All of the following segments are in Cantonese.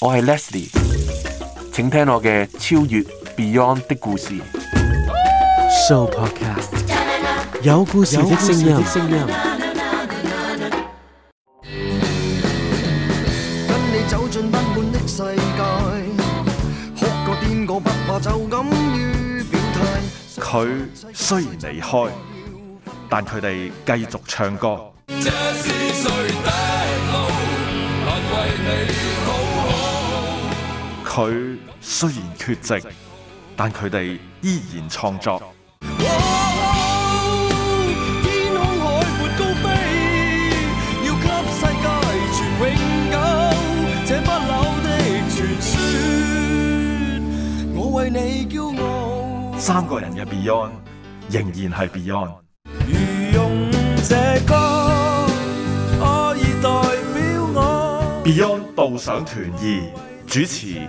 我係 Leslie，請聽我嘅超越 Beyond 的故事。Show podcast 有故事的聲音。跟你走進不滿的世界，哭過癲過不怕就敢於表態。佢雖然離開，但佢哋繼續唱歌。佢雖然缺席，但佢哋依然創作。天空海闊高飛，要給世界傳永久，這不朽的傳說，我為你驕傲。三個人嘅 Beyond 仍然係 be Beyond。Beyond 步上團意，主持。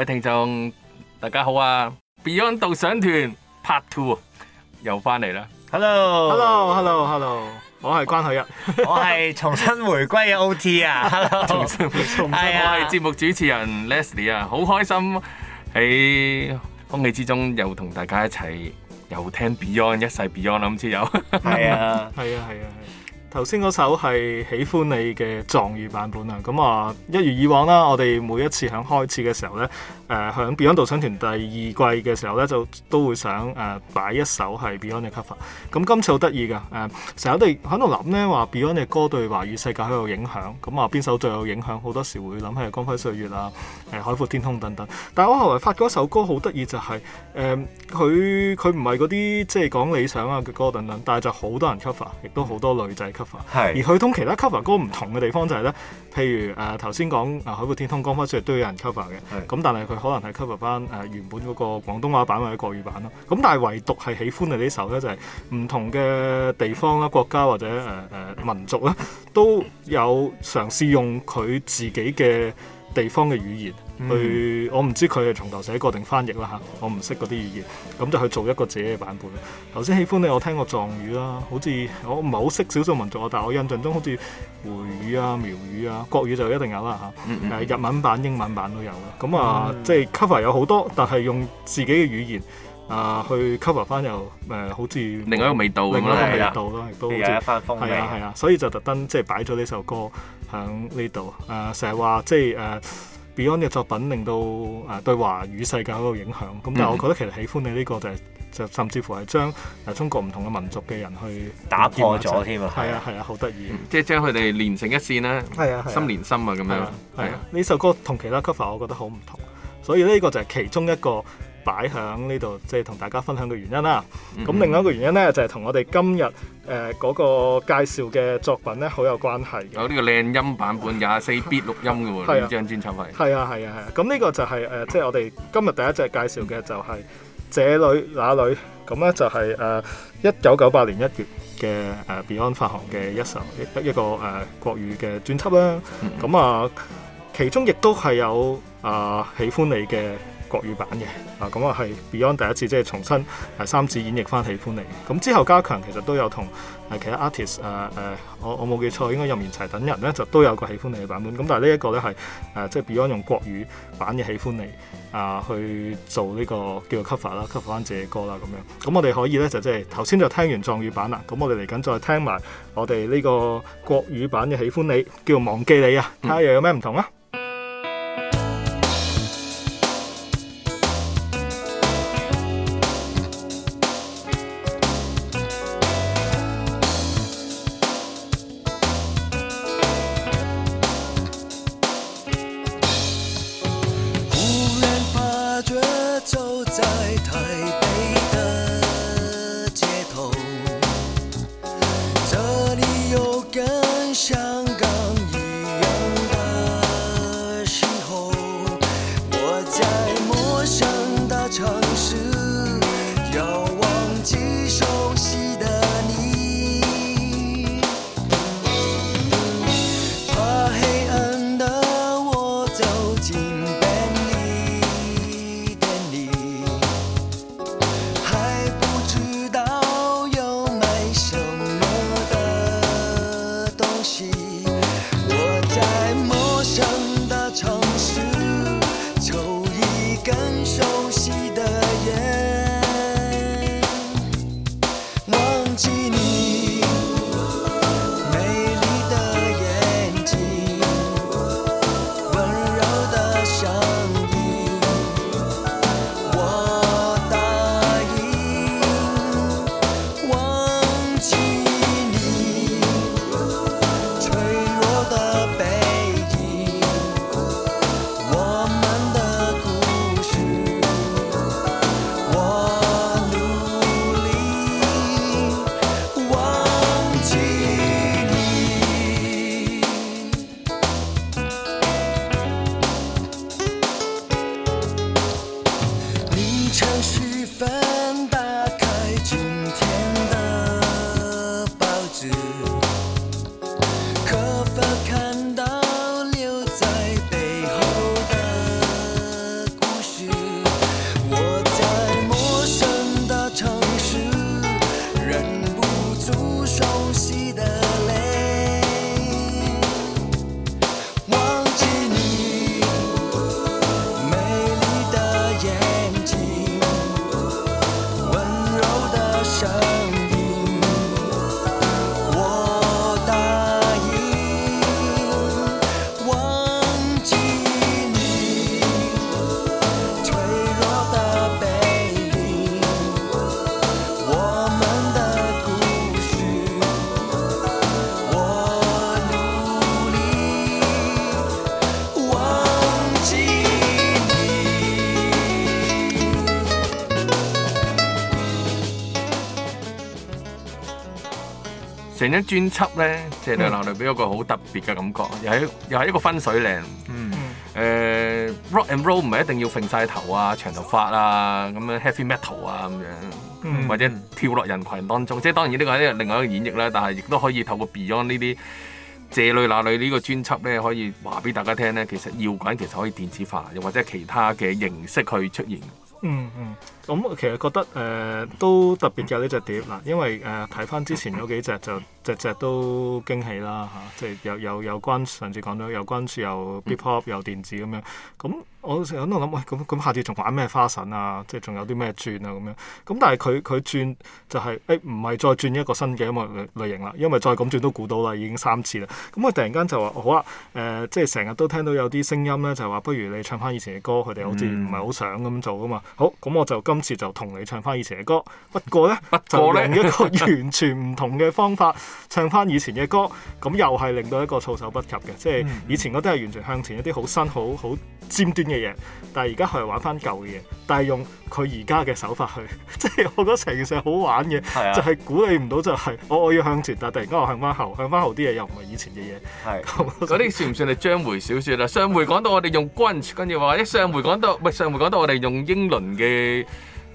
各位聽眾，大家好啊！Beyond 導賞團 Part Two 又翻嚟啦！Hello，Hello，Hello，Hello，我係關海玉，我係重新回歸嘅 OT 啊！Hello，重新回歸，我係節目主持人 Leslie 啊，好開心喺空氣之中又同大家一齊又聽 Beyond，一世 Beyond 諗住有，係啊，係啊，係啊，係。頭先嗰首係喜歡你嘅藏語版本啊！咁啊，一如以往啦，我哋每一次響開始嘅時候咧，誒、呃，響 Beyond 導賞團第二季嘅時候咧，就都會想誒、呃、擺一首係 Beyond 嘅 cover。咁今次好得意㗎誒，成、呃、日我哋喺度諗咧話 Beyond 嘅歌對華語世界好有影響，咁啊邊首最有影響？好多時會諗起《光輝歲月》啊。海闊天空等等，但係我後來發覺嗰首歌好得意，就係誒佢佢唔係嗰啲即係講理想啊嘅歌等等，但係就好多人 cover，亦都好多女仔 cover、嗯。而佢同其他 cover 歌唔同嘅地方就係、是、呢，譬如誒頭先講海闊天空，剛翻出嚟都有人 cover 嘅，咁是但係佢可能係 cover 翻誒、呃、原本嗰個廣東話版或者國語版咯。咁但係唯獨係喜歡你呢首呢，就係、是、唔同嘅地方啦、國家或者誒誒、呃呃、民族啦，都有嘗試用佢自己嘅。地方嘅語言，去我唔知佢係從頭寫過定翻譯啦嚇，我唔識嗰啲語言，咁就去做一個自己嘅版本。頭先喜歡你，我聽過藏語啦，好似我唔係好識少數民族啊，但係我印象中好似回語啊、苗語啊、國語就一定有啦嚇，誒、啊、日文版、英文版都有，咁啊、嗯、即係 cover 有好多，但係用自己嘅語言。啊，去 cover 翻又誒，好似另一個味道，另一個味道咯，亦都好似係啊係啊，所以就特登即係擺咗呢首歌喺呢度。誒，成日話即係誒 Beyond 嘅作品令到誒對華語世界有個影響。咁但係我覺得其實喜歡你呢個就係就甚至乎係將誒中國唔同嘅民族嘅人去打破咗添啊！係啊係啊，好得意！即係將佢哋連成一線啦，心連心啊咁樣。係啊，呢首歌同其他 cover 我覺得好唔同，所以呢個就係其中一個，擺喺呢度，即係同大家分享嘅原因啊！咁另外一個原因咧，就係同我哋今日誒嗰個介紹嘅作品咧，好有關係。有呢個靚音版本，廿四 bit 錄音嘅喎呢張專輯係。係啊，係啊，係啊！咁呢個就係誒，即係我哋今日第一隻介紹嘅就係這裏那裏。咁咧就係誒一九九八年一月嘅誒 Beyond 發行嘅一首一一個誒國語嘅專輯啦。咁啊，其中亦都係有啊喜歡你嘅。國語版嘅，啊咁啊係 Beyond 第一次即係重新第三次演繹翻《喜歡你》啊。咁之後加強其實都有同誒其他 artist 誒誒，我我冇記錯應該任賢齊等人咧就都有個《喜歡你》嘅版本。咁但係呢一個咧係誒即係 Beyond 用國語版嘅《喜歡你》啊去做呢個叫做 cover 啦、啊、cover 翻自己歌啦咁樣。咁、啊啊、我哋可以咧就即係頭先就聽完壯語版啦。咁我哋嚟緊再聽埋我哋呢個國語版嘅《喜歡你》，叫《忘記你》啊，睇下又有咩唔同啊！啊啊 mm. 看看啲專輯咧，即係那裏俾一個好特別嘅感覺，嗯、又係又係一個分水嶺。嗯。誒、呃、，rock and roll 唔係一定要揈晒頭啊，長頭髮啊，咁樣 heavy metal 啊咁樣，嗯、或者跳落人群當中。即係當然呢個係另外一個演繹啦，但係亦都可以透過 Beyond 呢啲這裏那裏呢個專輯咧，可以話俾大家聽咧，其實搖滾其實可以電子化，又或者其他嘅形式去出現。嗯嗯。咁、嗯、其實覺得誒、呃、都特別嘅呢隻碟嗱，嗯嗯、因為誒睇翻之前嗰幾隻就。只只都驚喜啦嚇、啊，即係有有有關上次講到有關涉又 B-pop i 有電子咁樣，咁我成日喺度諗喂，咁、哎、咁下次仲玩咩花臣啊？即係仲有啲咩轉啊咁樣，咁但係佢佢轉就係誒唔係再轉一個新嘅音樂類型啦，因為再咁轉都估到啦，已經三次啦。咁佢突然間就話好啦、啊，誒、呃、即係成日都聽到有啲聲音咧，就話不如你唱翻以前嘅歌，佢哋好似唔係好想咁做噶嘛。好，咁我就今次就同你唱翻以前嘅歌，不過咧就另一個完全唔同嘅方法。 唱翻以前嘅歌，咁又係令到一個措手不及嘅，即係以前嗰啲係完全向前一啲好新好好尖端嘅嘢，但係而家係玩翻舊嘅嘢，但係用佢而家嘅手法去，即係我覺得成件事係好玩嘅，啊、就係鼓勵唔到就係、是、我我要向前，但係突然間我向翻後，向翻後啲嘢又唔係以前嘅嘢，係嗰啲算唔算係章回小說啊？上回講到我哋用 grunge，跟住話一上回講到，唔係上回講到我哋用英倫嘅。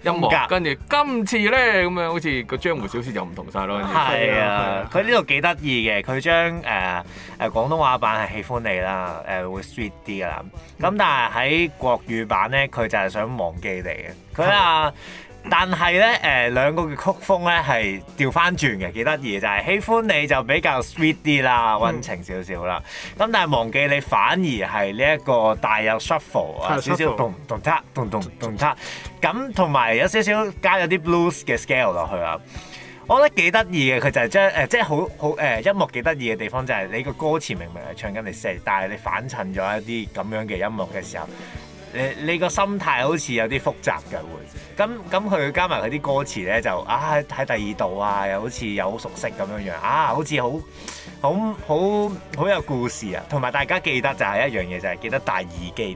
音樂，嗯、的 跟住今次呢，咁樣好似個江湖小説，就唔同晒咯。係啊，佢呢度幾得意嘅，佢、啊、將誒誒、呃、廣東話版係喜歡你啦，誒、呃、會 sweet 啲㗎喇。咁、嗯、但係喺國語版呢，佢就係想忘記你嘅。佢話。嗯啊但係咧，誒、呃、兩個嘅曲風咧係掉返轉嘅，幾得意就係、是、喜歡你就比較 sweet 啲啦，溫、嗯、情少少啦。咁但係忘記你反而係呢一個大有 shuffle 啊、嗯，少少 t 咚咚嗒、咚咚咚嗒。咁同埋有少少加咗啲 blues 嘅 scale 落去啊，我覺得幾得意嘅。佢就係將誒即係好好誒音樂幾得意嘅地方就係、是、你個歌詞明明係唱緊你識，但係你反襯咗一啲咁樣嘅音樂嘅時候。你你個心態好似有啲複雜嘅會，咁咁佢加埋佢啲歌詞咧就啊喺第二度啊，又好似又好熟悉咁樣樣，啊好似好好好好有故事啊，同埋大家記得就係一樣嘢，就係記得戴耳機聽。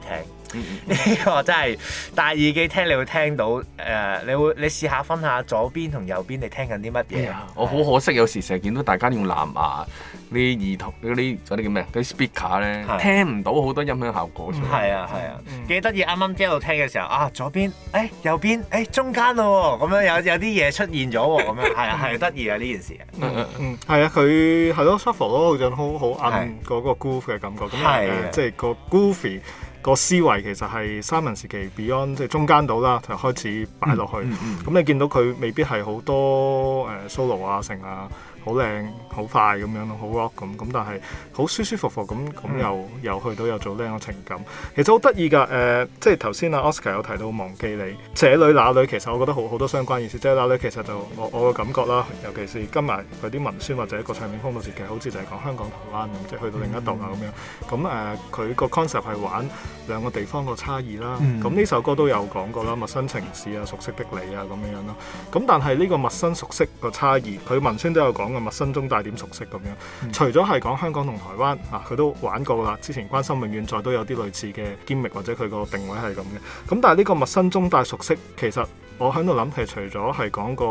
呢個、嗯嗯、真係戴耳機聽，你會聽到誒、呃，你會你試下分下左邊同右邊你，你聽緊啲乜嘢？我好可惜，有時成日見到大家用藍牙啲耳筒，嗰啲啲叫咩啊？啲 speaker 咧，聽唔到好多音響效果。係啊係啊，幾得意！啱啱、啊嗯、聽到聽嘅時候啊，左邊誒、哎，右邊誒、哎，中間咯、啊，咁樣有有啲嘢出現咗喎，咁樣係啊係得意啊呢、啊啊、件事啊！係啊、嗯，佢係咯，shuffle 咯，好好好暗嗰個 groove 嘅感覺，咁樣即係個 groovy 個思維其實係三文時期 Beyond 即係中間到啦，就開始擺落去。咁、嗯嗯嗯、你見到佢未必係好多誒、呃、solo 啊，成啊。好靚好快咁樣咯，好 rock 咁咁，但係好舒舒服服咁咁又、mm. 又去到又做靚嘅情感，其實好得意㗎誒，即係頭先阿 Oscar 有提到忘記你，這裏那裏，其實我覺得好好多相關意思，即係那裏其實就我我嘅感覺啦，尤其是今日佢啲文宣或者一個唱片風格設計，好似就係講香港、台灣咁，即係去到另一度啊咁樣，咁誒佢個 concept 係玩兩個地方個差異啦，咁呢、mm. 首歌都有講過啦，陌生城市啊、熟悉的你啊咁樣咯，咁但係呢個陌生熟悉個差異，佢文宣都有講。陌生中帶點熟悉咁樣，嗯、除咗係講香港同台灣啊，佢都玩過啦。之前關心永遠在都有啲類似嘅 gimmick 或者佢個定位係咁嘅。咁、啊、但係呢個陌生中帶熟悉，其實。我喺度諗其實除咗係講個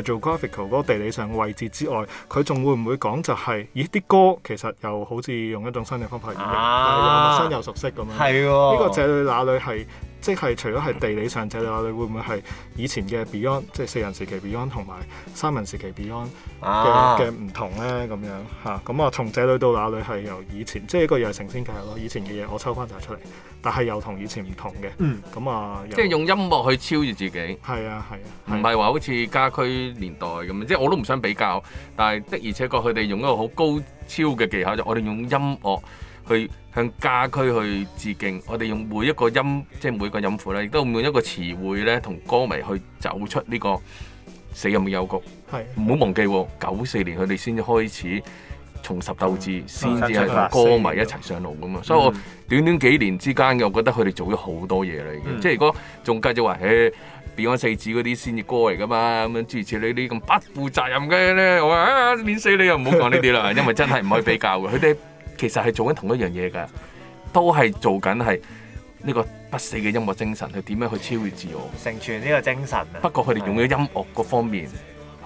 誒做 graphical 嗰個地理上位置之外，佢仲會唔會講就係、是，咦啲歌其實又好似用一種新嘅方法演繹，啊、但係又陌生又熟悉咁、啊、樣。呢的個這裏那裏係即係除咗係地理上這裏 那裏，會唔會係以前嘅 Beyond 即係四人時期 Beyond 同埋三人時期 Beyond 嘅嘅唔同咧？咁樣嚇，咁啊從這裏到那裏係由以前，即、就、係、是、一個又係成仙計咯。以前嘅嘢我抽翻晒出嚟。但係又同以前唔同嘅，咁啊、嗯，即係用音樂去超越自己。係啊係啊，唔係話好似家駒年代咁樣，即係我都唔想比較，但係的而且確佢哋用一個好高超嘅技巧，就我哋用音樂去向家駒去致敬。我哋用每一個音，即係每個音符咧，亦都用一個詞彙咧，同歌迷去走出呢、這個死咁嘅幽谷。係，唔好、啊、忘記，九四年佢哋先至開始。重拾鬥志，先至係同歌迷一齊上路咁啊！嗯、所以我短短幾年之間嘅，我覺得佢哋做咗好多嘢啦，已經、嗯。即係如果仲繼續話，誒、欸、Beyond 四子嗰啲先至歌嚟噶嘛，咁樣諸如此類呢啲咁不負責任嘅咧，我話啊，碾死你又唔好講呢啲啦， 因為真係唔可以比較嘅。佢哋其實係做緊同一樣嘢㗎，都係做緊係呢個不死嘅音樂精神，係點樣去超越自我、成全呢個精神啊？不過佢哋用咗音樂嗰方面。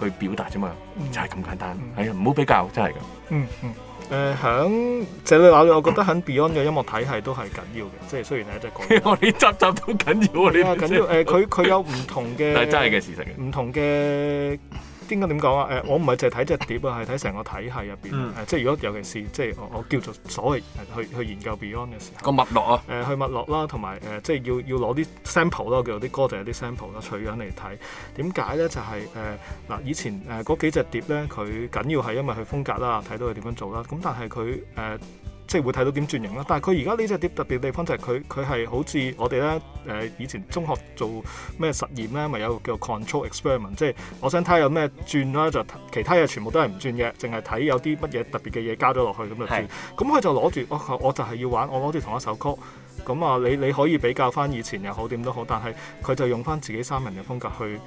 去表達啫嘛，嗯、就係咁簡單。係啊、嗯，唔好比較，真係噉、嗯。嗯嗯。誒、呃，響這裏講嘅，我覺得響 Beyond 嘅音樂體系都係緊要嘅。即係雖然係一隻歌， 我哋啲執執都緊要啊，呢啲緊要。誒、呃，佢佢有唔同嘅， 但係真係嘅事實。唔同嘅。應該點講啊？誒、呃，我唔係淨係睇隻隻碟啊，係睇成個體系入邊。誒、嗯呃，即係如果尤其是即係我我叫做所謂、呃、去去研究 Beyond 嘅時候個脈絡啊。誒、呃，去脈絡啦，同埋誒，即係要要攞啲 sample 咯，叫做啲歌定係啲 sample 啦，取樣嚟睇點解咧？就係誒嗱，以前誒嗰、呃、幾隻碟咧，佢緊要係因為佢風格啦，睇到佢點樣做啦。咁但係佢誒。呃即係會睇到點轉型啦，但係佢而家呢隻碟特別地方就係佢佢係好似我哋咧誒以前中學做咩實驗咧，咪、就是、有個叫 control experiment，即係我想睇下有咩轉啦，就其他嘢全部都係唔轉嘅，淨係睇有啲乜嘢特別嘅嘢加咗落去咁就轉。咁佢是、嗯、就攞住我，我就係要玩，我攞住同一首曲咁啊，你你可以比較翻以前又好點都好，但係佢就用翻自己三人嘅風格去。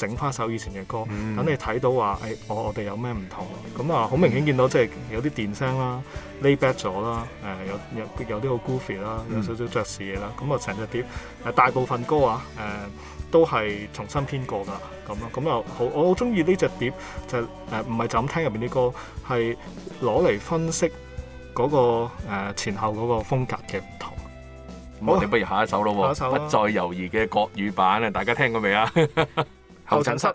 整翻首以前嘅歌，等你睇到話，誒、哎哦，我我哋有咩唔同，咁啊，好明顯見到即係、嗯、有啲電聲啦，lay back 咗啦，誒、呃，有有有啲好 goofy 啦，有少少爵士嘢啦，咁啊，成、嗯、隻、嗯、碟誒大部分歌啊，誒、呃、都係重新編過㗎，咁啊，咁啊，好，我好中意呢隻碟，就誒唔係就咁聽入邊啲歌，係攞嚟分析嗰、那個、呃、前後嗰個風格嘅唔同。好，你不如下一首咯首，不再猶豫嘅國語版啊，大家聽過未啊？ 候診室。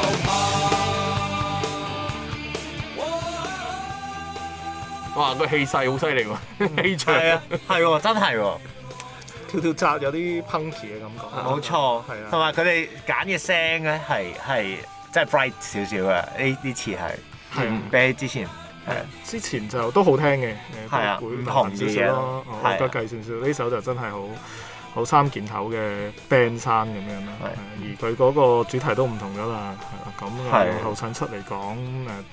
我怕。哇！個氣勢好犀利喎，嗯、氣場啊，係喎、 啊，真係喎、啊，跳跳紮有啲 punky 嘅感覺，冇、嗯啊、錯，係啊，同埋佢哋揀嘅聲咧，係係真係 bright 少少嘅，呢啲詞係，比、啊、之前。之前就都好聽嘅，誒會流行少少咯，我覺得計算少少，呢首就真係好，好三件頭嘅 band sound 咁樣啦。而佢嗰個主題都唔同咗啦。係啦。咁後生出嚟講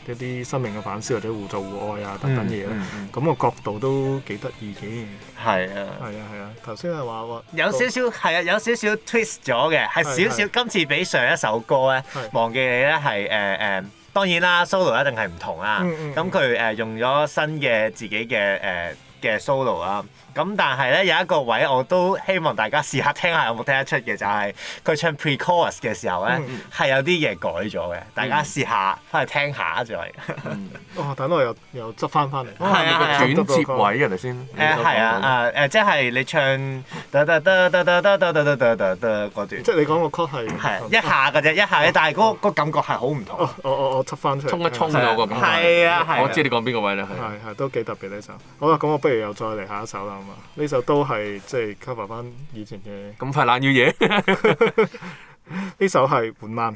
誒一啲生命嘅反思或者互助互愛啊等等嘢，咁個角度都幾得意嘅。係啊！係啊！係啊！頭先係話有少少係啊，有少少 twist 咗嘅，係少少。今次比上一首歌咧，忘記你咧係誒誒。當然啦，Solo 一定係唔同啦。咁佢誒用咗新嘅自己嘅誒嘅、呃、Solo 啦。咁但係咧有一個位我都希望大家試下聽下有冇聽得出嘅，就係佢唱 precourse 嘅時候咧係有啲嘢改咗嘅。大家試下翻去聽下就係。哦，等我又又執翻翻嚟。係啊係啊。轉接位嚟先。誒係啊誒即係你唱得得得得得得得得得得得嗰段。即係你講個曲係。一下㗎啫，一下，但係嗰個感覺係好唔同。我我我執翻出嚟。衝一衝咗個感覺。係啊係。我知你講邊個位啦係。係都幾特別呢首。好啦，咁我不如又再嚟下一首啦。呢首都係即係 cover 返以前嘅，咁快爛要嘢，呢首係緩慢。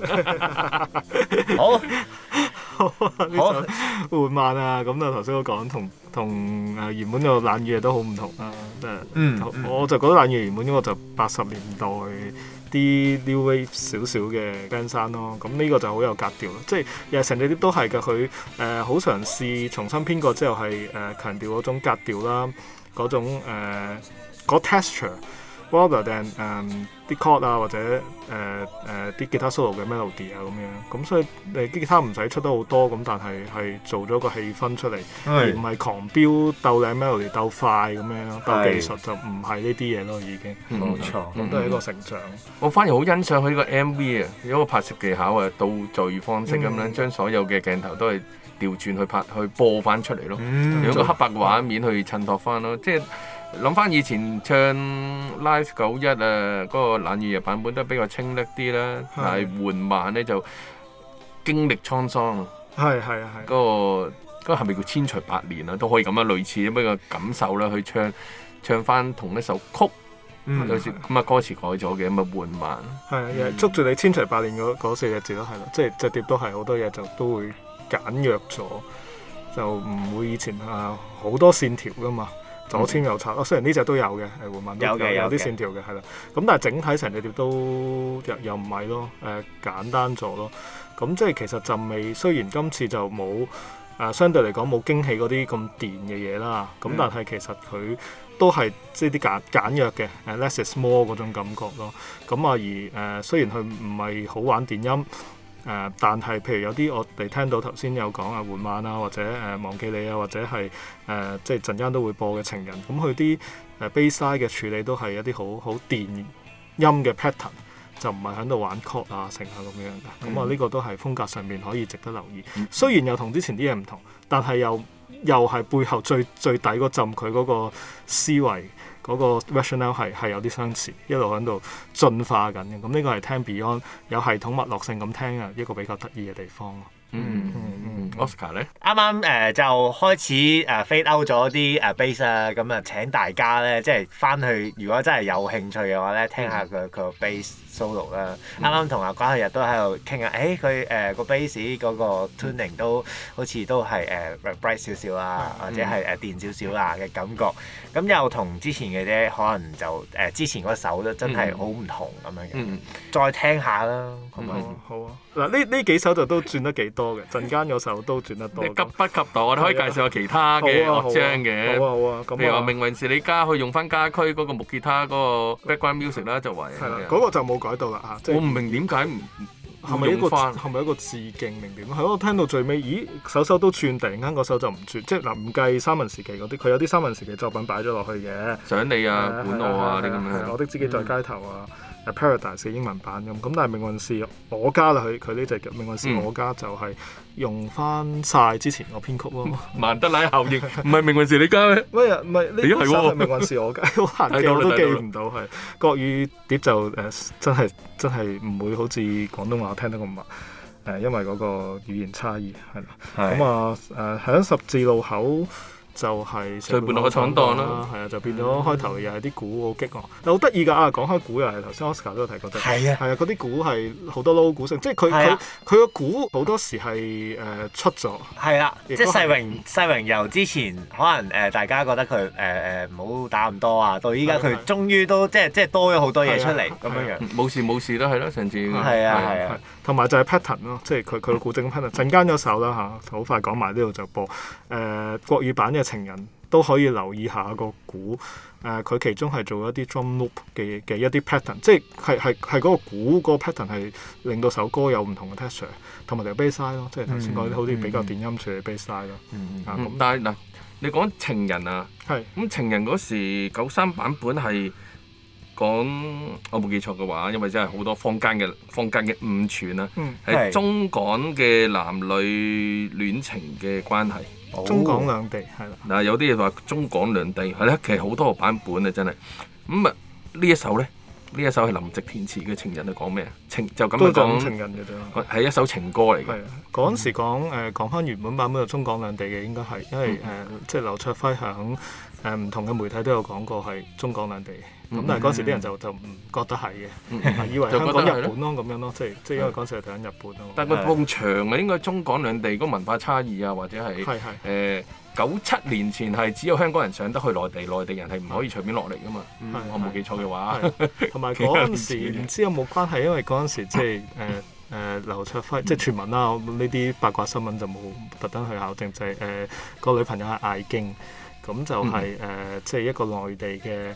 好， 好，緩好 慢啊！咁啊，頭先我講同同誒原本嘅冷雨都好唔同啊！即係、嗯，嗯、我就覺得冷雨原本呢個就八十年代啲 new wave 少少嘅 band sound 咯。咁呢個就好有格調咯，即係又成隻碟都係噶佢誒，好嘗試重新編過之後係誒強調嗰種格調啦，嗰種誒嗰 texture。呃那個 text ure, border 定誒啲 cord 啊，或者誒誒啲吉他 solo 嘅 melody 啊、so，咁樣咁所以你吉他唔使出得好多咁，但係係做咗個氣氛出嚟，而唔係狂飆鬥靚 melody、鬥快咁樣，鬥技術就唔係呢啲嘢咯，已經冇錯，咁都係一個成長。我反而好欣賞佢呢個 MV 啊，一個拍攝技巧啊，倒序方式咁樣，將所有嘅鏡頭都係調轉去拍去播翻出嚟咯，用個黑白畫面去襯托翻咯，即係。諗翻以前唱《Life 九一》啊，嗰、嗰個冷雨夜版本都比較清麗啲啦，的但係緩慢咧就經歷滄桑。係係、嗰個嗰個、啊，嗰個嗰個係咪叫千錘百煉啊？都可以咁樣，類似咁嘅感受啦。去唱唱翻同一首曲，類似咁啊，歌詞改咗嘅，咁啊緩慢。係啊，捉住你千錘百煉嗰四隻字咯，係咯，即係隻碟都係好多嘢就都會簡約咗，就唔會以前啊好多線條噶嘛。左簽右插咯，雖然呢隻都有嘅，係胡曼都有啲線條嘅，係、嗯、啦。咁但係整體成隻碟都又又唔係咯，誒簡單咗咯。咁即係其實就味，嗯、雖然今次就冇誒相對嚟講冇驚喜嗰啲咁電嘅嘢啦。咁但係其實佢都係即係啲簡簡約嘅，less is more 嗰種感覺咯。咁啊而誒，雖然佢唔係好玩電音。誒、呃，但係譬如有啲我哋聽到頭先有講啊，緩慢啊，或者誒、呃、忘記你啊，或者係誒、呃、即係陣間都會播嘅情人咁，佢啲誒 bassline 嘅處理都係一啲好好電音嘅 pattern，就唔係喺度玩 core 啊成下咁樣嘅。咁啊，呢、嗯嗯、個都係風格上面可以值得留意。雖然又同之前啲嘢唔同，但係又又係背後最最底個浸佢嗰個思維。嗰個 rationale 係係有啲相似，一路響度進化緊嘅。咁呢個係聽 Beyond 有系統脈絡性咁聽嘅一個比較得意嘅地方咯。嗯嗯嗯。Hmm. Mm hmm. 嗯、Oscar 咧呢，啱啱誒就開始 fade out 咗啲誒 bass 啦，咁、嗯、啊請大家咧即係翻去，如果真係有興趣嘅話咧，聽下佢佢、欸呃、個 bass solo 啦。啱啱同阿關旭日都喺度傾啊，誒佢誒個 bass 嗰個 tuning 都好似都係誒 bright 少少啊，或者係誒電少少啊嘅感覺。咁、嗯嗯、又同之前嘅啫，可能就誒、呃、之前嗰首都真係好唔同咁、嗯、樣嘅。再聽下啦。哦、嗯，好啊。嗱呢呢幾首就都轉得幾多嘅，陣間有首，都轉得多，急不及待。我哋可以介紹下其他嘅樂章嘅，好啊好啊，譬如話《命運是你家》，去用翻家居嗰個木吉他嗰個 background music 咧，就為係啦，嗰個就冇改到啦嚇。我唔明點解唔係用翻，係咪一個致敬？明唔明？係咯，聽到最尾，咦，首首都轉，突然間首就唔轉，即係嗱，唔計三文時期嗰啲，佢有啲三文時期作品擺咗落去嘅，想你啊，管我啊啲咁樣，我的自己在街頭啊，《Paradise》英文版咁，咁但係《命運是我家》啦，佢佢呢隻《命運是我家》就係。用翻晒之前個編曲咯，校。曼德拉效應唔係命運時你家，咩 啊唔係？咦係喎，你哎、呀命運時我家，我都記唔到，係國語碟就誒、呃、真係真係唔會好似廣東話聽得咁密，誒、呃、因為嗰個語言差異係啦。咁啊誒喺十字路口，就係隨伴落個搶盜啦，係啊，就變咗開頭又係啲股好激昂，但好得意㗎啊！講開股又係頭先 Oscar 都有提過，係啊，係啊，嗰啲股係好多 low 股性，即係佢佢佢個股好多時係誒出咗，係啊，即係世榮世榮由之前可能誒大家覺得佢誒誒唔好打咁多啊，到依家佢終於都即係即係多咗好多嘢出嚟咁樣樣，冇事冇事啦，係咯，上次係啊係啊。同埋就係 pattern 咯，即係佢佢個鼓整 pattern，陣間有首啦嚇，好、啊、快講埋呢度就播誒、呃、國語版嘅情人都可以留意下個鼓誒，佢、呃、其中係做一啲 drum loop 嘅嘅一啲 pattern，即係係係係嗰個鼓嗰個 pattern 係令到首歌有唔同嘅 texture，同埋就 bass line 咯，即係頭先講啲好似比較電音處理嘅 bass line 咯。咁，但係嗱，你講情人啊，係咁是情人嗰時九三版本係。講我冇記錯嘅話，因為真係好多坊間嘅坊間嘅誤傳啦。係、嗯、中港嘅男女戀情嘅關係，中港兩地係啦嗱。有啲嘢話中港兩地係啦，其實好多個版本、嗯、啊，真係咁啊。呢一首咧，呢一首係林夕填詞嘅《情人》係講咩？情就咁樣講情人嘅啫，係一首情歌嚟嘅。嗰陣時講誒、呃、講翻原本版本就中港兩地嘅應該係，因為誒、嗯呃、即係劉卓輝係喺唔同嘅媒體都有講過係中港兩地。咁但係嗰時啲人就就唔覺得係嘅，以為香港日本咯咁樣咯，即係即係因為嗰時係睇緊日本啊。但係個碰牆啊，應該中港兩地嗰個文化差異啊，或者係誒九七年前係只有香港人上得去內地，內地人係唔可以隨便落嚟噶嘛。我冇記錯嘅話，同埋嗰陣時唔知有冇關係，因為嗰陣時即係誒誒劉卓輝，即係傳聞啦，呢啲八卦新聞就冇特登去考證，就係誒個女朋友係艾京，咁就係誒即係一個內地嘅。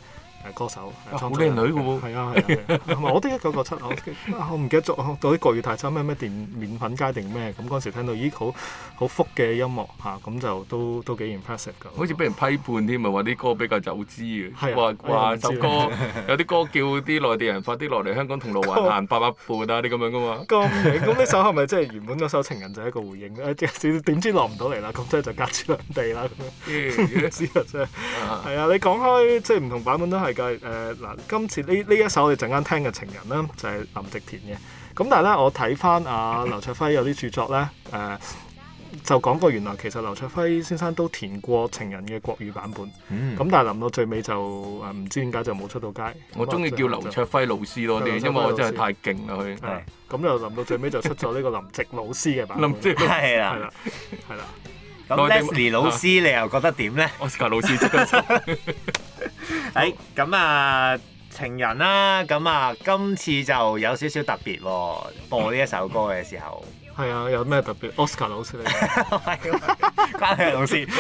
歌手，啊、好靚女嘅喎，係啊係啊，啊，啊，啊，啊，啊，我都一九九七，我唔記得咗，到啲國語太差，咩咩電麵粉街定咩？咁嗰陣時聽到，咦好好福嘅音樂吓，咁、啊、就都都幾 impressive 㗎。那個、好似俾人批判添啊，話啲歌比較走資嘅，話話、啊哎、首歌、啊、有啲歌叫啲內地人快啲落嚟香港同路雲行八百步啊啲咁樣㗎嘛。咁呢首係咪即係原本嗰首情人就係、是、一個回應咧？點、哎哎、知落唔到嚟啦，咁即係就隔住兩地啦咁樣。點、嗯哎、呀 知 啊？真係，係啊！你講開即係唔同版本都係。嘅誒嗱，今次呢呢一首我哋陣間聽嘅情人咧，就係林夕填嘅。咁但係咧，我睇翻阿劉卓輝有啲著作咧，誒就講過，原來其實劉卓輝先生都填過情人嘅國語版本。嗯。咁但係臨到最尾就誒唔知點解就冇出到街。我中意叫劉卓輝老師多啲，因為我真係太勁啦佢。咁又臨到最尾就出咗呢個林夕老師嘅版。林夕係啦，係啦，係啦。咁 Leslie 老師你又覺得點咧？我係老師。誒，咁 Hey, 好啊情人啦、啊，咁啊今次就有少少特別播呢一首歌嘅時候，係 啊，有咩特別？Oscar 老師，係， 關老師。咁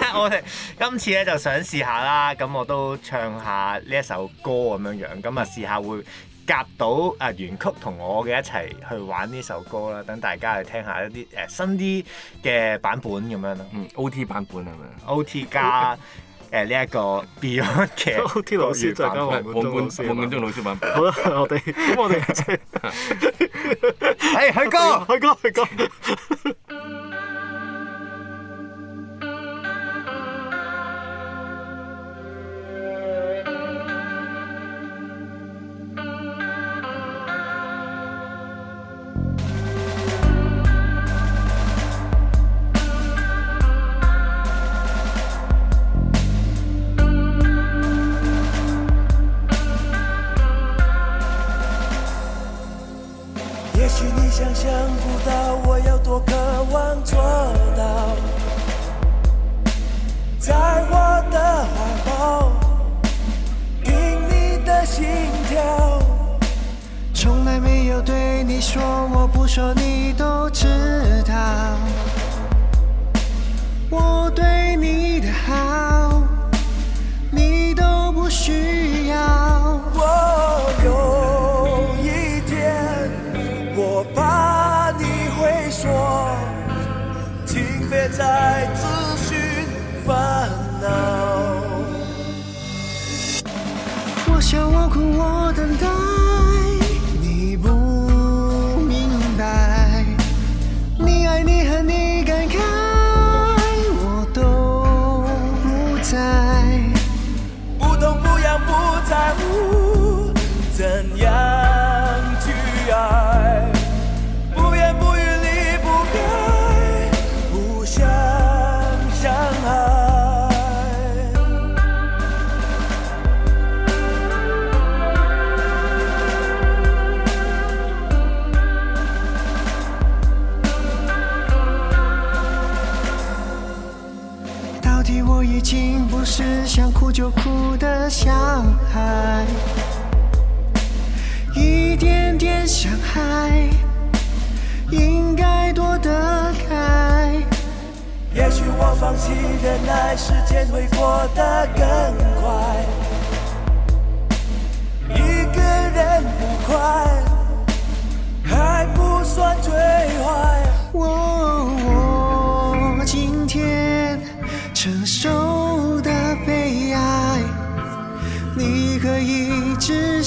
咧，我哋今次咧就想試下啦、啊，咁我都唱下呢一首歌咁樣樣，咁啊試下會夾到誒原、啊、曲同我嘅一齊去玩呢首歌啦，等大家去聽一下一啲誒、呃、新啲嘅版本咁樣咯、啊。嗯、O T 版本咁樣 O T 加。的 誒呢一個 Beyond 嘅 OT 老師再加黃冠老師 好啦，我哋咁我哋即係，係，開個，開個， 你說我不說你都知道，我對。就哭得像孩，一點點傷害，應該躲得開。也許我放棄忍耐，時間會過得更快。一個人不快，還不算最壞。我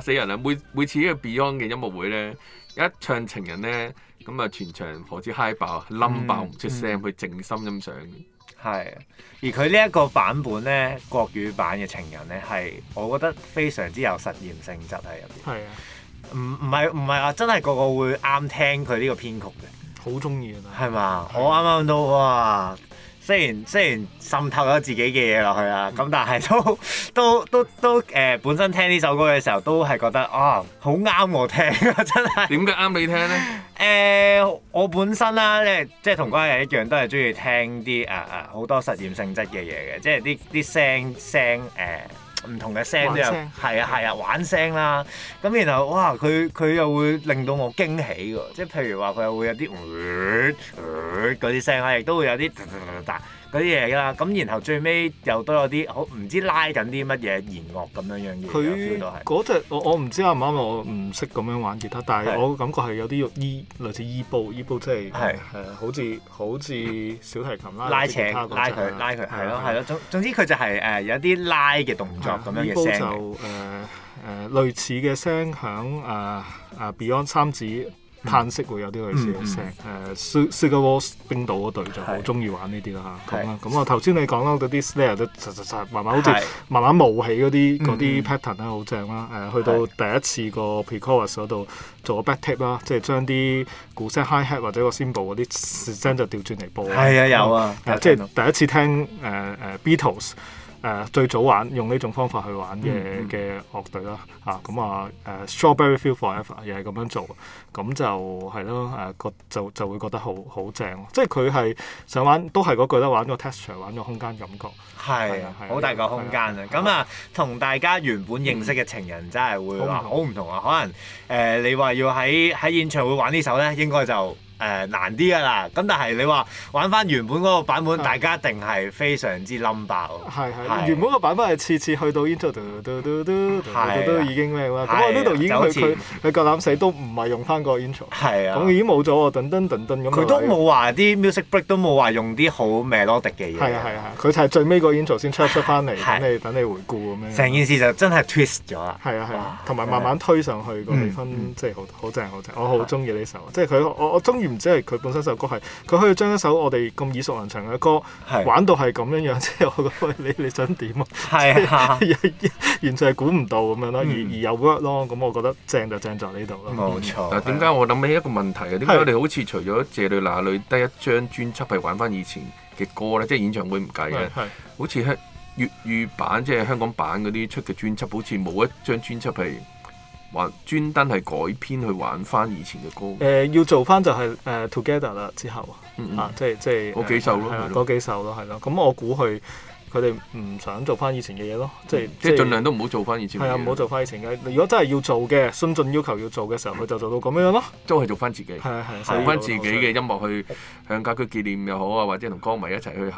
死人啦！每每次呢個 Beyond 嘅音樂會咧，一唱情人咧，咁啊全場何止 high 爆，冧爆唔出聲，去、嗯嗯、靜心欣賞。係，而佢呢一個版本咧，國語版嘅情人咧，係我覺得非常之有實驗性質喺入邊。係啊，唔唔係唔係話真係個個會啱聽佢呢個編曲嘅，好中意啊！係嘛，我啱啱都哇～雖然雖然滲透咗自己嘅嘢落去啦，咁但係都都都都誒、呃，本身聽呢首歌嘅時候都係覺得啊，好啱我聽啊，真係點解啱你聽呢？誒、呃，我本身啦，即係即係同關毅一樣，都係中意聽啲啊啊好多實驗性質嘅嘢嘅，即係啲啲聲聲誒。呃。唔同嘅聲都有，係啊係啊，玩聲啦，咁然後哇，佢佢又會令到我驚喜㗎，即係譬如話佢又會有啲嗰啲聲啊，亦、呃、都、呃、會有啲。呃呃呃嗰啲嘢啦，咁然後最尾又都有啲，好唔知拉緊啲乜嘢弦樂咁樣樣嘢。佢嗰隻我我唔知啱唔啱，我唔識咁樣玩吉他，但係我感覺係有啲 E 類似 E-Bow，E-Bow 即係係係啊，好似好似小提琴拉扯拉佢拉佢係咯係咯，總之佢就係誒有啲拉嘅動作咁樣嘅聲。就誒誒類似嘅聲響啊啊 Beyond 三子。嘆息會有啲類似嘅聲，誒 Sigur Rós 冰島嗰隊就好鍾意玩呢啲啦嚇，咁是啊，咁頭先你講到啲 Snare 都實實實慢慢好似慢慢冒起嗰啲嗰啲 Pattern 啦，好正啦，誒、啊呃、去到第一次個 Pre-Chorus r 嗰度做個 Back Tip 啦、啊，即係將啲鼓聲 Hi-Hat 或者個 Cymbal 嗰啲聲就調轉嚟播、啊，係啊，啊有啊，啊有啊即係第一次聽誒誒 Beatles。呃呃呃 Be 誒、呃、最早玩用呢種方法去玩嘅嘅樂隊啦、嗯嗯啊，啊咁啊誒 Strawberry Fields Forever 又係咁樣做，咁就係、是、咯，誒、啊、覺就就會覺得好好正，即係佢係想玩都係嗰句啦，玩個 texture，玩個空間感覺，係好、啊啊啊、大個空間啊！咁啊，啊，同大家原本認識嘅情人真係會好唔、嗯、同，同啊，可能誒、呃、你話要喺喺演唱會玩首呢首咧，應該就。誒難啲㗎啦，咁但係你話玩翻原本嗰個版本，大家一定係非常之冧爆。原本個版本係次次去到 intro 都都都都已經咩啦，咁啊呢度已經佢佢佢夠膽死都唔係用翻個 intro。係啊。咁已經冇咗喎，噔噔噔噔咁。佢都冇話啲 music break 都冇話用啲好 melody 嘅嘢。係啊係啊，佢就係最尾個 intro 先出一出翻嚟，等你等你回顧咁樣。成件事就真係 twist 咗啦。係啊係啊，同埋慢慢推上去個氣氛，即係好好正好正，我好中意呢首，即係佢我我中意。唔知係佢本身首歌係，佢可以將一首我哋咁耳熟能詳嘅歌是玩到係咁樣樣，即係我覺得你你想點啊？係啊，完全係估唔到咁樣咯，而、嗯、而有 work 咯，咁我覺得正就正在呢度咯。冇錯。點解我諗起一個問題啊？點解是我哋好似除咗謝瑞那裏得一張專輯係玩翻以前嘅歌咧？即係演唱會唔計嘅，好似係粵語版即係、即係、香港版嗰啲出嘅專輯，好似冇一張專輯係。話專登係改編去玩翻以前嘅歌。誒，要做翻就係誒 Together 啦，之後啊，即係即係嗰幾首咯，係咯，嗰幾首咯，係咯。咁我估佢佢哋唔想做翻以前嘅嘢咯，即係即係盡量都唔好做翻以前。係啊，唔好做翻以前嘅。如果真係要做嘅，順盡要求要做嘅時候，佢就做到咁樣咯。都係做翻自己，係啊係，做翻自己嘅音樂去向家居紀念又好啊，或者同歌迷一齊去。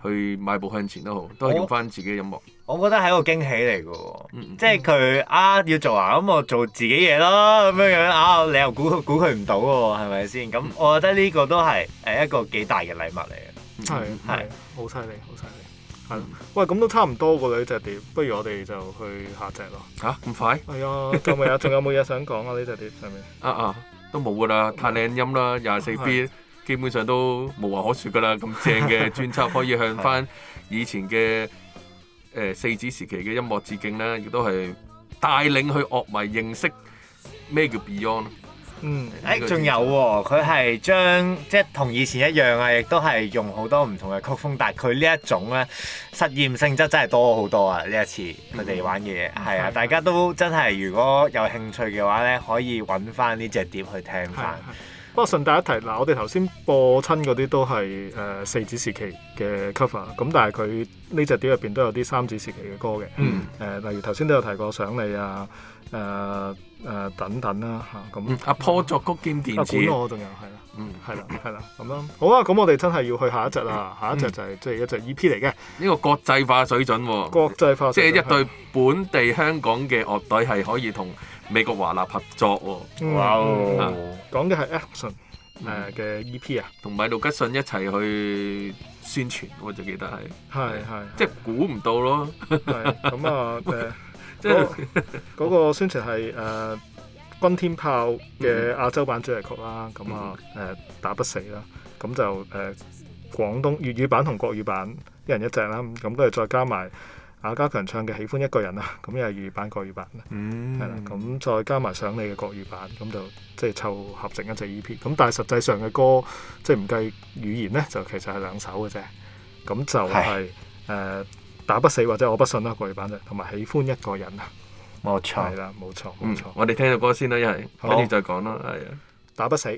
去邁步向前都好，都係用翻自己嘅音樂。我覺得係一個驚喜嚟嘅、哦，嗯嗯嗯即係佢啊要做啊，咁我做自己嘢咯，咁樣樣啊，你又估估佢唔到喎、啊，係咪先？咁我覺得呢個都係誒一個幾大嘅禮物嚟嘅。係係，好犀利，好犀利。係，嗯、喂，咁都差唔多噶啦呢隻碟，不如我哋就去下隻咯。吓、啊，咁快？係啊、哎，咁咪？啊？ 仲有冇嘢想講啊？呢隻碟上面。啊啊，都冇噶啦，太靚音啦，廿四 B 的。 是的基本上都冇話可説噶啦，咁正嘅專輯可以向翻以前嘅誒 是、呃、四子時期嘅音樂致敬啦，亦都係帶領去樂迷認識咩叫 Beyond。嗯，誒仲有喎、哦，佢係將即係同以前一樣啊，亦都係用好多唔同嘅曲風，但係佢呢一種咧實驗性質真係多好多啊！呢一次佢哋玩嘢係、嗯、啊的，大家都真係如果有興趣嘅話咧，可以揾翻呢隻碟去聽翻。不過順帶一提，嗱，我哋頭先播親嗰啲都係誒四子時期嘅 cover，咁但係佢呢隻碟入邊都有啲三子時期嘅歌嘅，嗯，誒、呃，例如頭先都有提過《想你啊、呃呃等等啊》啊，誒誒等等啦嚇，咁阿破作曲兼電子，啊，仲有係啦，嗯，係啦係啦，咁咯，好啦、啊，咁我哋真係要去下一隻啦，下一隻就係即係一隻 EP 嚟嘅，呢個國際化水準喎、啊，國際化水準，即係一隊本地香港嘅樂隊係可以同。美國華納合作喎，哇！講嘅係 Alexson 誒嘅 EP 啊，同米路吉遜一齊去宣傳，我就記得係，係係，即係估唔到咯。係咁啊，誒，即係嗰個宣傳係誒《轟天炮》嘅亞洲版主題曲啦。咁啊，誒打不死啦。咁就誒廣東粵語版同國語版一人一隻啦。咁跟住再加埋。阿家強唱嘅《喜歡一個人》啊，咁又係粵語版、國語版啦，係啦、嗯，咁再加埋上，上你嘅國語版，咁就即係湊合成一隻 EP。咁但係實際上嘅歌，即係唔計語言咧，就其實係兩首嘅啫。咁就係、是、誒是、呃、打不死或者我不信啦，國語版啫，同埋《喜歡一個人》啊，冇錯，係啦，冇錯，冇、嗯、錯。我哋聽個歌先啦，一係跟住再講啦，係。打不死。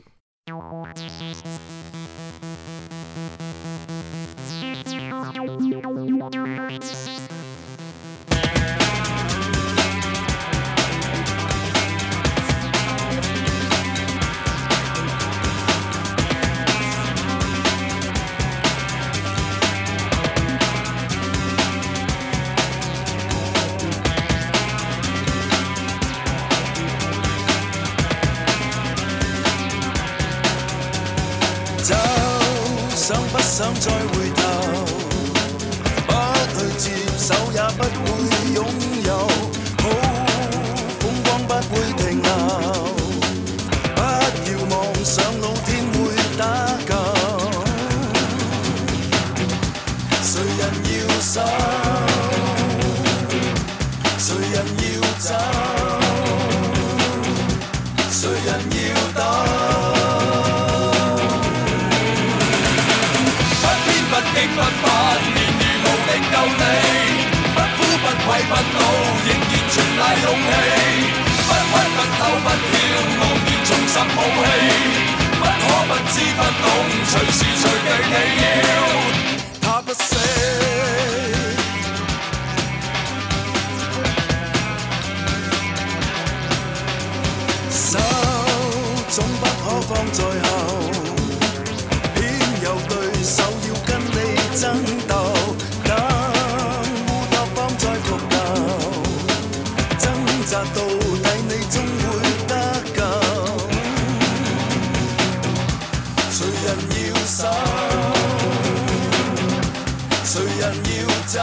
誰人要走？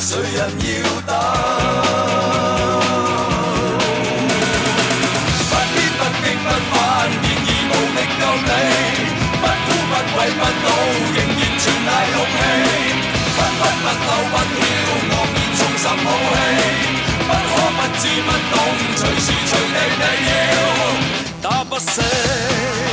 誰人要等？不偏不傾不反，然而無力救你。不苦不畏不老，仍然全賴勇氣。不屈不撓不嬌，昂然重新傲氣。不可不知不懂，隨時隨地地要打不死。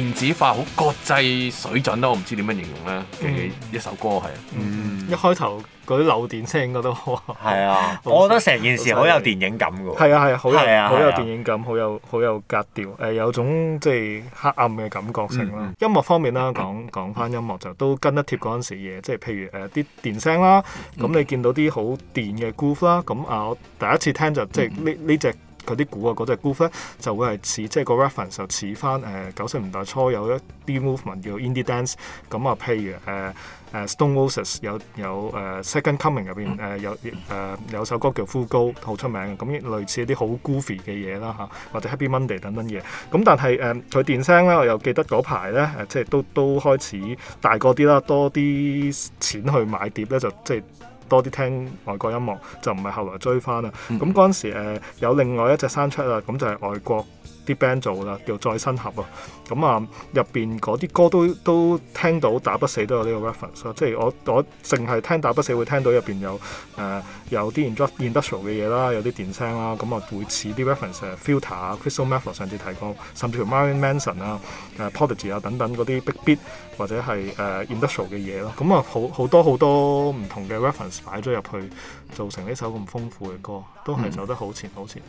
電子化好國際水準啦，我唔知點樣形容咧嘅、嗯、一首歌係。嗯，嗯一開頭嗰啲漏電聲應該都係啊！身我覺得成件事好是有電影感嘅喎。係啊係啊，好、啊啊、有好有電影感，好有好有格調誒、呃，有種即係黑暗嘅感覺性啦。嗯嗯、音樂方面啦，講講返音樂就都跟得貼嗰陣時嘢，即係譬如誒啲、呃、電聲啦，咁你見到啲好電嘅 groove 啦，咁啊我第一次聽就即係呢呢隻。嗯嗯。佢啲鼓啊，嗰、那、啲、個、係 groovy，就會係似即係個 reference 就似翻誒九十年代初有一啲 movement 叫 indie dance，咁啊譬如誒誒 Stone Roses 有有誒 Second Coming 入邊誒有誒有首歌叫《Fools Gold》，好出名嘅，咁、嗯、類似一啲好 groovy 嘅嘢啦嚇，或者 Happy Mondays 等等嘢。咁、嗯、但係誒佢電聲咧，我又記得嗰排咧誒，即係都都開始大個啲啦，多啲錢去買碟咧，就即係。多啲聽外國音樂，就唔係後來追翻啦。咁嗰陣時，呃，有另外一隻山出啦，咁就係外國。啲 band 做啦，叫再生合啊。咁啊，入邊嗰啲歌都都聽到，打不死都有呢個 reference、啊。即係我我淨係聽打不死會聽到入邊有誒有啲 industrial 嘅嘢啦，有啲電聲啦。咁啊，嗯嗯、會似啲 reference，Filter、啊 re, 啊、Crystal Method、er、上次提過，甚至乎 Marilyn Manson 啊、Prodigy 啊等等嗰啲 big beat 或者係誒、呃、industrial 嘅嘢咯。咁啊，好、嗯、好、嗯、多好多唔同嘅 reference 擺咗入去，做成呢首咁豐富嘅歌，都係走得好前好前。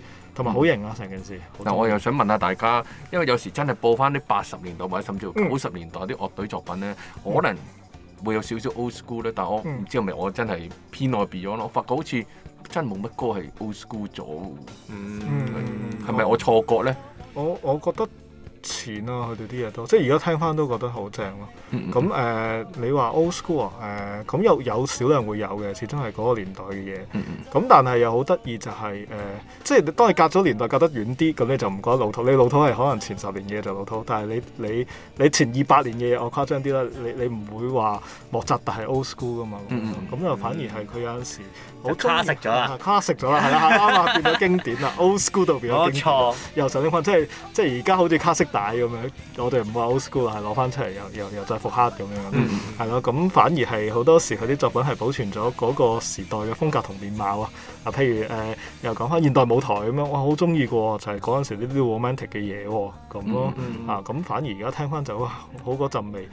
同埋好型啊！成、嗯、件事但我又想問下大家，因為有時真係播翻啲八十年代或者甚至乎九十年代啲樂隊作品咧，嗯、可能會有少少 old school 咧。但係我唔知係咪我真係偏愛 Beyond 咯？我發覺好似真係冇乜歌係 old school 咗，嗯，係咪我錯覺咧？我我覺得。錢咯，佢哋啲嘢都即係而家聽翻都覺得好正咯。咁誒、mm，hmm. uh, 你話 old school 啊、uh,？誒，咁又有少量會有嘅，始終係嗰個年代嘅嘢。咁、mm hmm. 但係又好得意就係、是、誒，uh, 即係當你隔咗年代隔得遠啲，咁你就唔覺得老土。你老土係可能前十年嘅就老土，但係你你你前二百年嘅嘢，我誇張啲啦，你你唔會話莫扎特係 old school 噶嘛？嗯，咁又反而係佢有陣時好 classic 咗，classic 咗啦，係啦、哎，啱啊， 變咗經典啦 ，old school 都變咗經典。冇錯。又成點即係即係而家好似帶咁樣，我哋唔係 old school，係攞翻出嚟又又又再復刻咁樣，係、hmm. 咯，咁反而係好多時佢啲作品係保存咗嗰個時代嘅風格同面貌啊。嗱，譬如誒、呃，又講翻現代舞台咁樣，我好中意嘅就係嗰陣時啲 new romantic 嘅嘢喎，咁咯、mm hmm. 啊，咁反而而家聽翻就哇，好嗰陣味。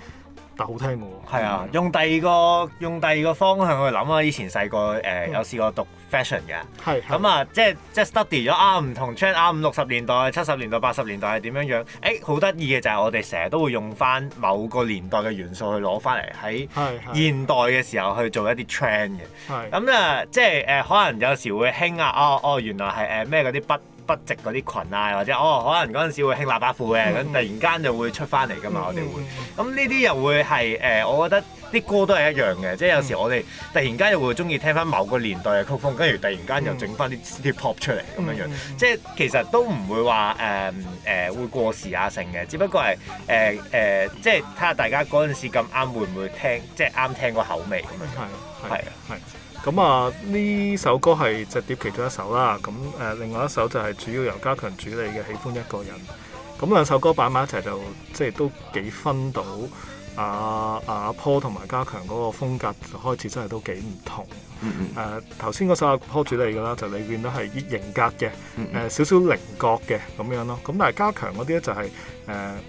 但好聽嘅喎，係啊，用第二個用第二個方向去諗啊！以前細個誒有試過讀 fashion 嘅，係咁啊，即係即係 study 咗啱唔同 trend，啱五六十年代、七十年代、八十年代係點樣樣？誒好得意嘅就係我哋成日都會用翻某個年代嘅元素去攞翻嚟喺現代嘅時候去做一啲 trend 嘅，係咁啊，即係誒可能有時會興啊，哦哦，原來係誒咩嗰啲筆。不值嗰啲群啊，或者哦，可能嗰陣時會興喇叭褲嘅，咁、嗯、突然間就會出翻嚟㗎嘛，我哋會。咁呢啲又會係誒、呃，我覺得啲歌都係一樣嘅，即、就、係、是、有時我哋突然間又會中意聽翻某個年代嘅曲風，跟住突然間又整翻啲啲 pop 出嚟咁樣樣，即係、嗯嗯、其實都唔會話誒誒會過時啊成嘅，只不過係誒誒，即係睇下大家嗰陣時咁啱會唔會聽，即係啱聽個口味咁樣。係係係。嗯咁啊，呢、嗯、首歌係隻碟其中一首啦。咁、嗯、誒，另外一首就係主要由家強主理嘅喜歡一個人。咁兩、嗯、首歌擺埋一齊就即係都幾分到。啊啊！Paul 同埋家強嗰個風格，開始真係都幾唔同。誒頭先嗰首阿 Paul、啊、主理嘅啦，就裏邊都係型格嘅，誒、mm hmm. 啊、少少靈覺嘅咁樣咯。咁但係家強嗰啲咧就係誒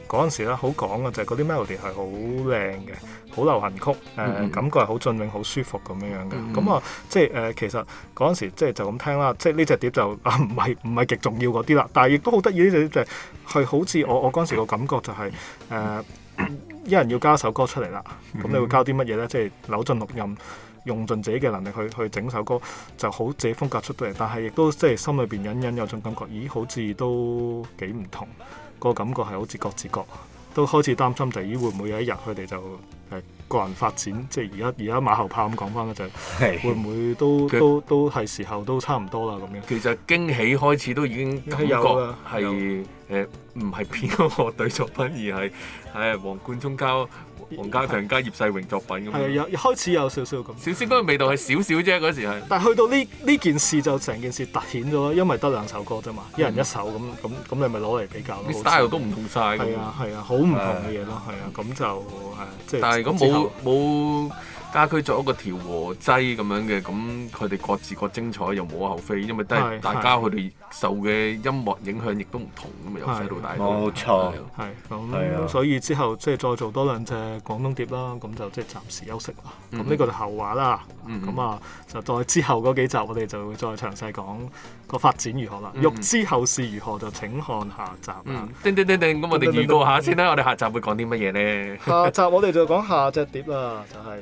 嗰陣時咧好講嘅，就係嗰啲 melody 係好靚嘅，好流行曲，誒、呃 mm hmm. 感覺係好俊永好舒服咁樣嘅。咁、mm hmm. 啊，即係誒、呃、其實嗰陣時即係就咁聽啦。即係呢隻碟就啊唔係唔係極重要嗰啲啦，但係亦都、就是、好得意呢隻碟，就係係好似我我嗰陣時個感覺就係、是、誒。呃 mm 一人要加一首歌出嚟啦，咁、嗯、哼你會交啲乜嘢呢？即、就、係、是、扭盡錄音，用盡自己嘅能力去去整首歌，就好自己風格出到嚟。但係亦都即係心裏邊隱隱有種感覺，咦，好似都幾唔同、個感覺，係好自各自各。都開始擔心就係依會唔會有一日，佢哋就誒個人發展，即係而家而家馬後炮咁講翻咧，就係是會唔會都它都都係時候都差唔多啦咁樣。其實驚喜開始都已經感覺係誒唔係變咗個隊作品，而係喺黃冠中交。黃家強加葉世榮作品咁，係啊，開始有少少咁。少少不過味道係少少啫，嗰時係。但係去到呢呢件事就成件事突顯咗咯，因為得兩首歌啫嘛，嗯、一人一首咁咁咁，你咪攞嚟比較咯。style 都唔同晒㗎。係啊係啊，好唔同嘅嘢咯，係啊，咁的的就係即係但係咁冇冇。後家佢作一個調和劑咁樣嘅，咁佢哋各自各精彩又無可厚非，因為都係大家佢哋受嘅音樂影響亦都唔同咁啊，由細到大。冇錯，係咁，所以之後即係再做多兩隻廣東碟啦，咁就即係暫時休息啦。咁呢個就後話啦。咁啊，就再之後嗰幾集我哋就會再詳細講個發展如何啦。欲知後事如何，就請看下集啦。叮叮叮叮，咁我哋預告下先啦，我哋下集會講啲乜嘢呢？下集我哋就講下隻碟啦，就係。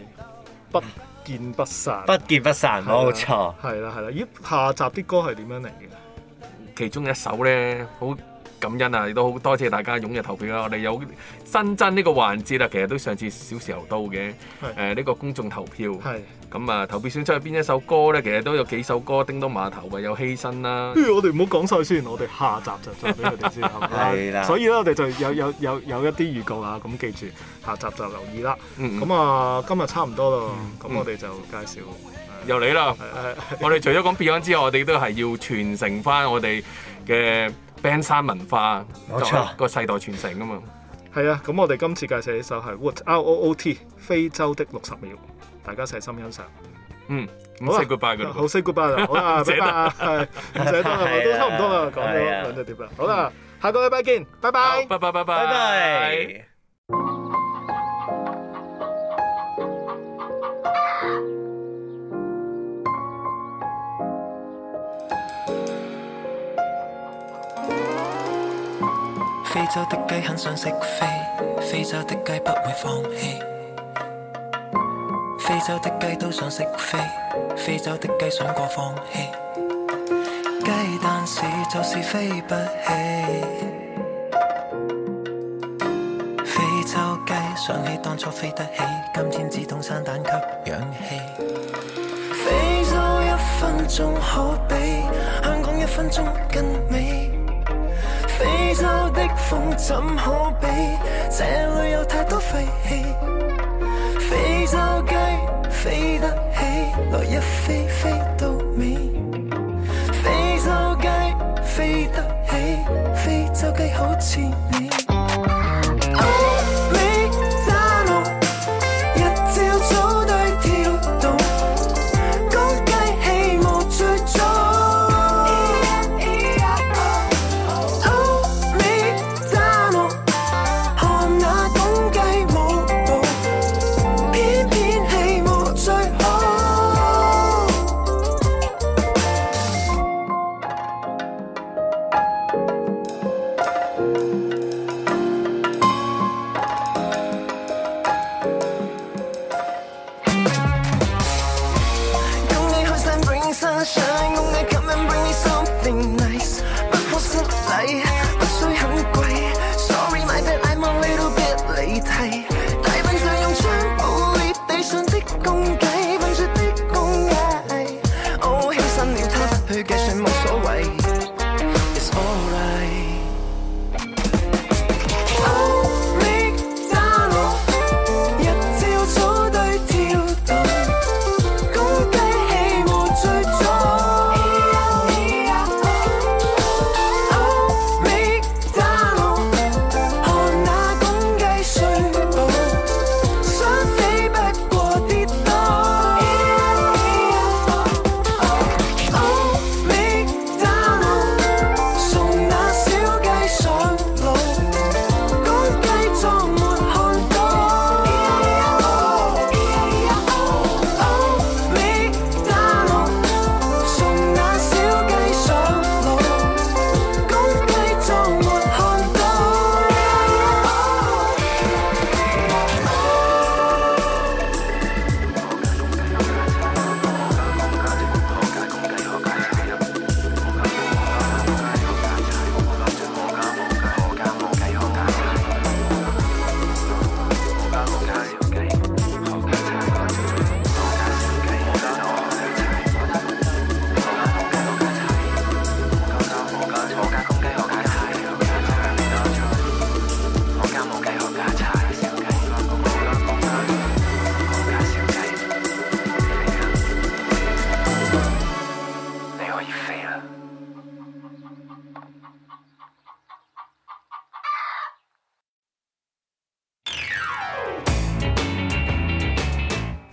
不見不散，不見不散，冇、啊、沒錯、啊，係啦係啦。咁、啊、下集啲歌係點樣嚟嘅？其中一首咧，好。感恩啊！亦都好多謝大家踴躍投票啊！我哋有新增呢個環節啦、啊，其實都上次小時候到嘅，誒呢是、呃這個公眾投票。係咁是啊，投票選出去邊一首歌咧？其實都有幾首歌，叮到碼頭啊，有犧牲啦、啊。我哋唔好講曬先，我哋下集就再俾佢哋先。係 吧啦。所以咧，我哋就有有有有，有一啲預告啊！咁記住下集就留意啦。咁、嗯嗯、啊，今日差唔多啦。咁、嗯、我哋就介紹由你啦。我哋除咗講 Beyond 之外，我哋都係要傳承翻我哋嘅。Band 山文化，冇錯，個世代傳承啊嘛。係啊，咁我哋今次介紹呢首係 r o u t 非洲的六十秒，大家細心欣賞。嗯，好，Say goodbye 嘅啦。好，Say goodbye。好啦、啊，唔 捨得，係唔、 啊、捨得，都差唔多啦，講咗講咗點啦。好啦、啊，下個禮拜見，拜拜，拜拜拜拜拜。Bye bye bye bye bye. Bye bye. 非洲的雞很想識飛，非洲的雞不會放棄。非洲的雞都想識飛，非洲的雞想過放棄。雞蛋是就是飛不起。非洲雞想起當初飛得起，今天只懂生蛋吸氧氣。非洲一分鐘可比香港一分鐘更美。歐洲的風怎可比？這裏有太多廢氣。非洲雞飛得起來，一飛飛到。